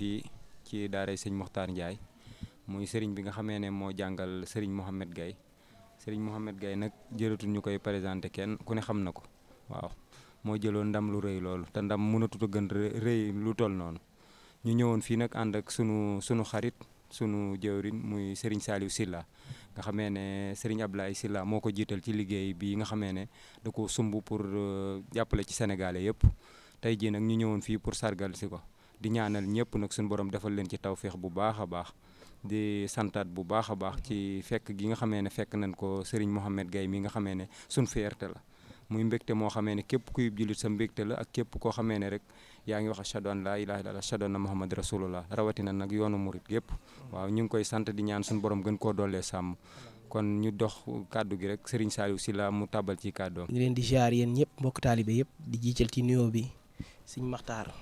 fii ci daara sëñ Mokhtar Ndiaye muy sëriñ bi nga xamee ne moo jàngal sëriñ Mohamed Gaye sëriñ Mohamed Gaye nag jëlatul ñu koy présenté kenn ku ne xam na ko waaw moo jëloon ndam lu rëy loolu te ndam mënatut a gën rëy lu toll noonu ñu ñëwoon fii nag ànd ak sunu sunu xarit sunu jëwrin muy sëriñ Saliou Silla nga xamee ne sëriñ laay Silla moo ko jiital ci liggéey bi nga xamee ne da ko sumb pour euh, jàppale ci Sénégalais yëpp tey jii nag ñu ñëwoon fii pour sargal si ko di ñaanal ñëpp nag suñu borom defal leen ci tawféex bu baax a baax di santaat bu baax a baax ci fekk gi nga xamee ne fekk nañ ko Serigne Mohamed Gaye mi nga xamee ne suñ fierté la muy mbégte moo xamee ne képp kuy jullit sa mbégte la ak képp koo xamee ne rek yaa ngi wax ashhadu an laa ilaaha illallaah ashhadu anna rawatina nag yoonu murit yëpp waaw ñu ngi koy sant di ñaan suñu borom gën koo doolee sàmm kon ñu dox kàddu gi rek Serigne Saliou Sylla mu tàbbal ci kàddoom. ñu leen di ziar yéen ñëpp mbokk taalibe yëpp di jiital ci nuyoo bi Serigne Makhtar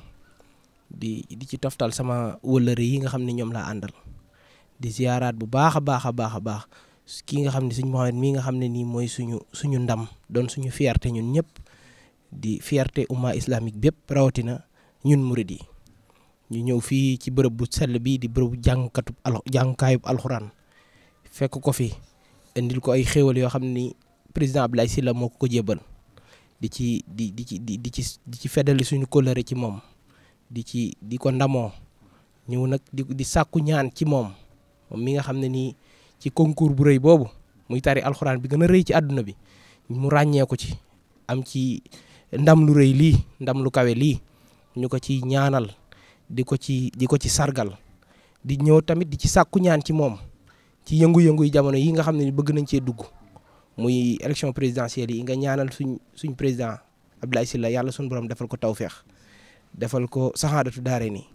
di di ci toftal sama wëllëre yi nga xam ne ñoom laa àndal di ziyaaraat bu baax a baax a baax a baax kii nga xam ne sëñ Mouhamed mii nga xam ne nii mooy suñu suñu ndam doon suñu fierté ñun ñëpp di fierté umma islamique bépp rawatina ñun murid yi ñu ñëw fii ci bërëb bu sell bii di bërëbu jàngkatub al alxuraan fekk ko fi indil ko ay xéewal yoo xam ni président Abdoulaye Sylla moo ko ko jébal di ci di di ci di ci di ci feddali suñu kóllëre ci moom di ci di ko ndamoo ñëw nag di di sàkku ñaan ci moom moom mi nga xam ne nii ci concours bu rëy boobu muy tari alxuraan bi gën a rëy ci àdduna bi mu ràññeeku ci am ci ndam lu rëy lii ndam lu kawe lii ñu ko ci ñaanal di ko ci di ko ci sargal di ñëw tamit di ci sàkku ñaan ci moom ci yëngu-yëngu jamono yi nga xam ne bëgg nañ cee dugg muy élection présidentielle yi nga ñaanal suñ suñ président Abdoulaye Sylla yàlla suñu borom defal ko tawféex defal ko saxaadatu daare nii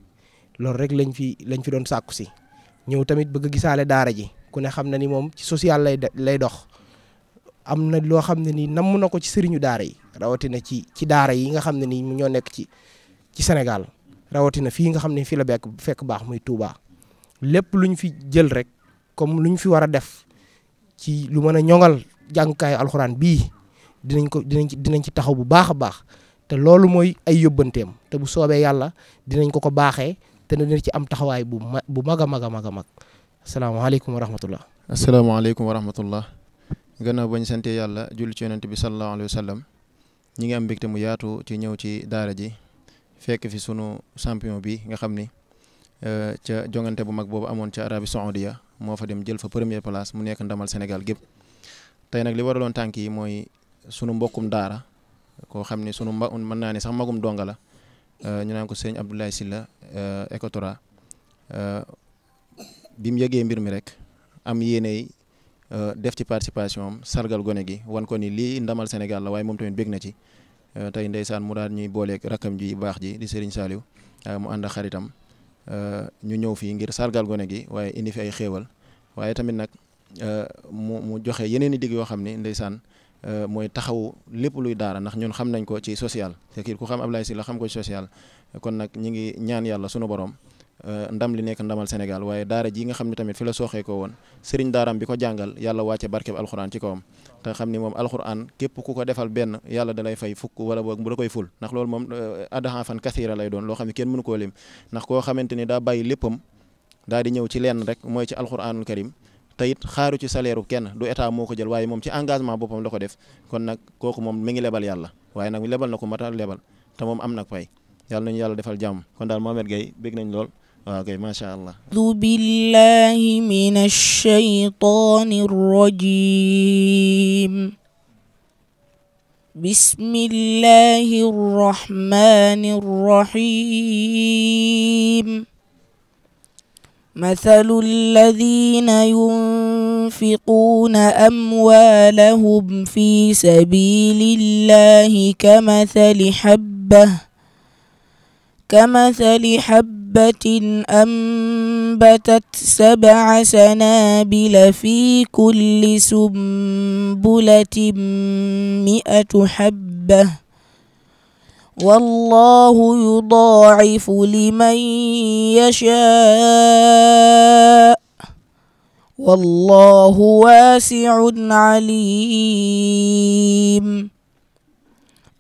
loolu rek lañ fi lañ fi doon sàkku si ñëw tamit bëgg a gisaale daara ji ku ne xam na ni moom ci social lay lay dox am na loo xam ne nii namm na ko ci sëriñu daara yi rawatina ci ci daara yi nga xam ne nii ñoo nekk ci ci Sénégal rawatina fii nga xam ne fii la bekk fekk baax muy Touba lépp lu ñu fi jël rek comme lu ñu fi war a def ci lu mën a ñoŋal jàngukaayu alxuraan bii dinañ ko dinañ ci dinañ ci taxaw bu baax a baax loolu mooy ay yóbbanteem te bu soobee yàlla dinañ ko ko baaxee te dina ci am taxawaay bu ma bu mag a mag a mag a mag asalaamaaleykum wa rahmatullah. asalaamaaleykum wa rahmatullah. gannaaw bañ santee yàlla julli ci yonent bi sallallahu alayhi wa sallam ñi ngi am mbégte mu yaatu ci ñëw ci daara ji fekk fi sunu champion bi nga xam ni euh, ca jongante bu mag boobu amoon ca Arabie Saoudia moo fa dem jël fa premier place mu nekk ndamal Sénégal gépp tey nag li waraloon tànk yi mooy sunu mbokkum daara. koo xam ne sunu mba mën naa ne sax mbagum donga la euh, ñu naan ko sëñ Abdoulaye Sylla euh, Ecotra euh, bi mu yëgee mbir mi rek am yéeney def ci participation sargal gone gi wan ko ni lii ndamal Sénégal la waaye moom tamit bég na ci tey ndeysaan mu daal ñuy booleek rakkam ji baax ji di Serigne Saliou mu ànd ak xaritam ñu ñëw fii ngir sargal gone gi waaye indi fi ay xéewal waaye tamit nag mu mu joxe yeneen i digg yoo xam ne ndeysaan Euh, mooy taxawu lépp luy daara ndax ñun xam nañ ko ci social te kii ku xam Ablaye Sylla xam ko social kon nag ñi ngi ñaan yàlla sunu borom euh, ndam li nekk ndamal Sénégal waaye daara ji nga xam ne tamit fi la sooxee ko woon sëriñ daaram bi ko jàngal yàlla wàcce barkeb alxuraan ci kawam te xam ni moom alxuraan képp ku ko defal benn yàlla dalay fay fukk wala boog bu da koy ful ndax loolu moom euh, adaxan fan kasiira lay doon loo xam ne kenn mënu koo lim ndax koo xamante ni daa bàyyi léppam daa di ñëw ci lenn rek mooy ci alxuraanul karim te it xaaru ci salaire kenn du état moo ko jël waaye moom ci engagement boppam la ko def kon nag kooku moom mi ngi lebal yàlla waaye nag lebal na ko mata lebal te moom am nag pay yàlla nañu yàlla defal jàmm kon daal Mohamed Gaye bég nañ lool waaw kay macha allah a'uudu billahi minash shaytaanir rajiim bismillahir rahmaanir rahiim مثل الذين ينفقون أموالهم في سبيل الله كمثل حبة كمثل حبة أنبتت سبع سنابل في كل سنبلة مئة حبة والله يضاعف لمن يشاء والله واسع عليم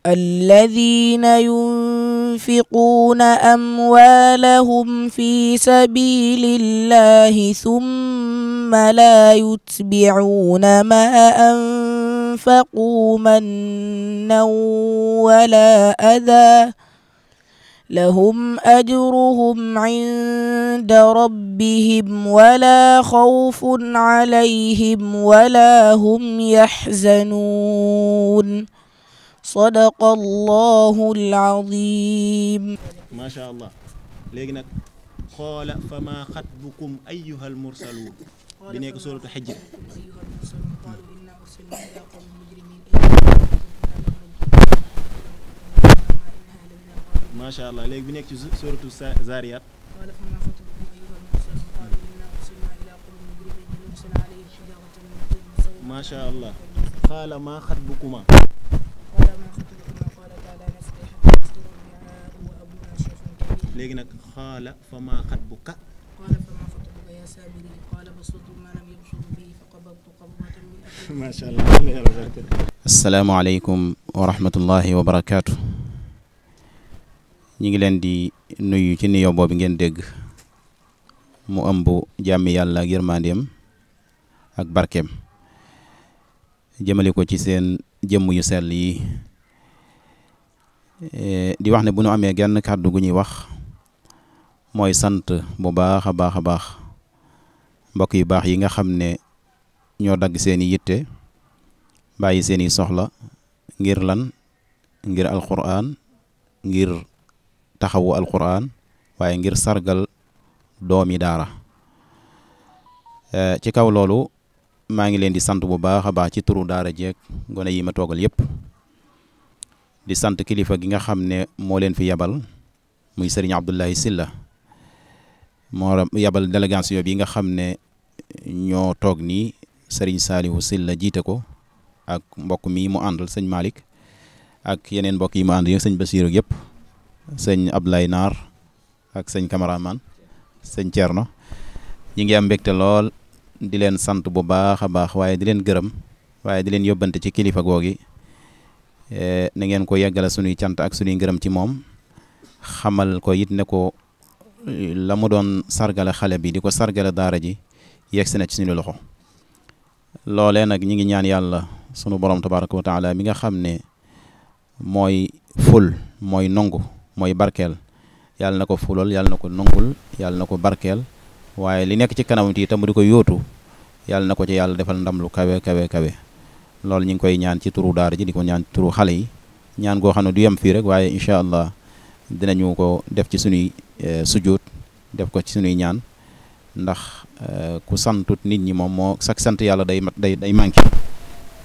الذين ينفقون أموالهم في سبيل الله ثم لا يتبعون ما أنفقوا أنفقوا منا ولا أذى لهم أجرهم عند ربهم ولا خوف عليهم ولا هم يحزنون صدق الله العظيم ما شاء الله léegi nag xoola fa maa xatbukum ayyuhal mursaluun bi nekk sóoratu Hijr macha allah léegi bi nekk ci suratu Zariyat macha allah qaala maa xatbukuma léegi nag xaala fa maa xatbuka macha allah asalaamaaleykum wa barakaatu. ñu ngi leen di nuyu ci nuyoo boobu ngeen dégg mu ëmb jàmmi yàlla ak ak barkeem jëmale ko ci seen jëmm yu sell yi eh, di wax ne bu ñu amee genn kàddu gu ñuy wax mooy sant bu baax a baax a baax mbokk yu baax yi nga xam ne ñoo dagg seeni yitte bàyyi seeni soxla ngir lan ngir alquran ngir taxawu alquran waaye ngir sargal doomi daara e, ci kaw loolu maa ngi leen di sant bu baax a baax ci turu daara jeeg gone yi ma toogal yépp di sant kilifa gi nga xam ne moo leen fi yabal muy sëriñ Abdullahi Silla moo yabal délégation bi nga xam ne ñoo toog nii sëriñ Saalihu Silla jiite ko ak mbokk mi mu àndal sëñ malik ak yeneen mbokk yi mu ànd yëpp sëñ Basiiru yëpp sëñ Ablaye Naar ak sëñ cameraman sëñ Thierno ñi ngi am mbégte lool di leen sant bu baax a baax waaye di leen gërëm waaye di leen yóbbante ci kilifa googi e, na ngeen ko yeggale sunuy cant ak sunuy gërëm ci moom xamal ko it ne ko la mu doon sargale xale bi di ko sargale daara ji yegsi na ci suñu loxo loolee nag ñi ngi ñaan yàlla sunu borom tabaraka wa taala mi nga xam ne mooy ful mooy nongu mooy barkeel yàlla na ko fulal yàlla na ko nongul yàlla na ko barkeel waaye li nekk ci kanam ti itam di ko yootu yàlla na ko ci yàlla defal ndam lu kawe kawe kawe loolu ñu ngi koy ñaan ci turu daar ji di ko ñaan ci turu xale yi ñaan goo xam ne du yem fii rek waaye incha allah dina ñëw ko def ci sunuy eh, sujjóot def ko ci sunuy ñaan ndax euh, ku santut nit ñi moom moo sax sant yàlla day day day manqué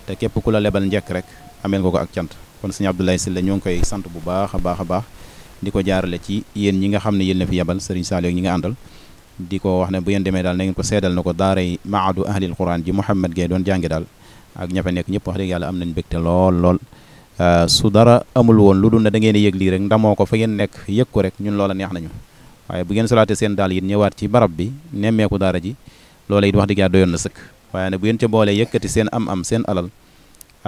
te képp ku la lebal njekk rek ameel nga ko ak cant kon sëñ Abdoulaye la ñoo ngi koy sant bu baax a baax a baax di ko jaarale ci yéen ñi nga xam ne yéen la fi yebal sëriñ Saliou ñi nga àndal di ko wax ne bu ngeen demee daal na ko seedal na ko daaray maadu ahlil quran ji Mouhamed Gueye doon jàngi daal ak ñafe nekk ñëpp wax dëgg yàlla am nañ bégte lool lool euh, su dara amul woon lu dul ne da ngeen yëg lii rek ndamoo ko fa ngeen nekk yëg ko rek ñun loola neex nañu waaye bu ngeen solaatee seen daal yi ñëwaat ci barab bi nemmeeku daara ji loola it wax dëgg yàlla doyoon na sëkk waaye nag bu ngeen ca boolee yëkkati seen am-am seen alal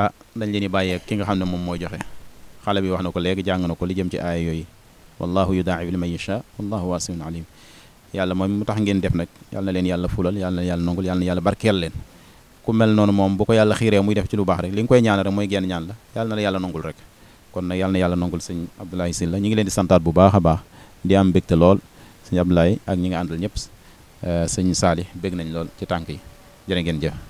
ah dañ leen di bàyyee ki nga xam ne moom mooy joxe xale bi wax na ko léegi jàng na ko li jëm ci aaya yooyu wallahu yudaa'ifu liman yashaa wallahu waasi'un aliim yàlla moom mu tax ngeen def nag yàlla na leen yàlla fulal yàlla na yàlla nongul yàlla na yàlla barkeel leen ku mel noonu moom bu ko yàlla xiiree muy def ci lu baax rek li nga koy ñaan rek mooy genn ñaan la yàlla la yàlla nongul rek ñu ngi leen di santaat bu baax a di am mbégte lool sëñ Abdoulaye ak ñi nga àndal ñëpp eh, sëñ Saali bég nañ lool ci tànk yi jërë ngeen jëf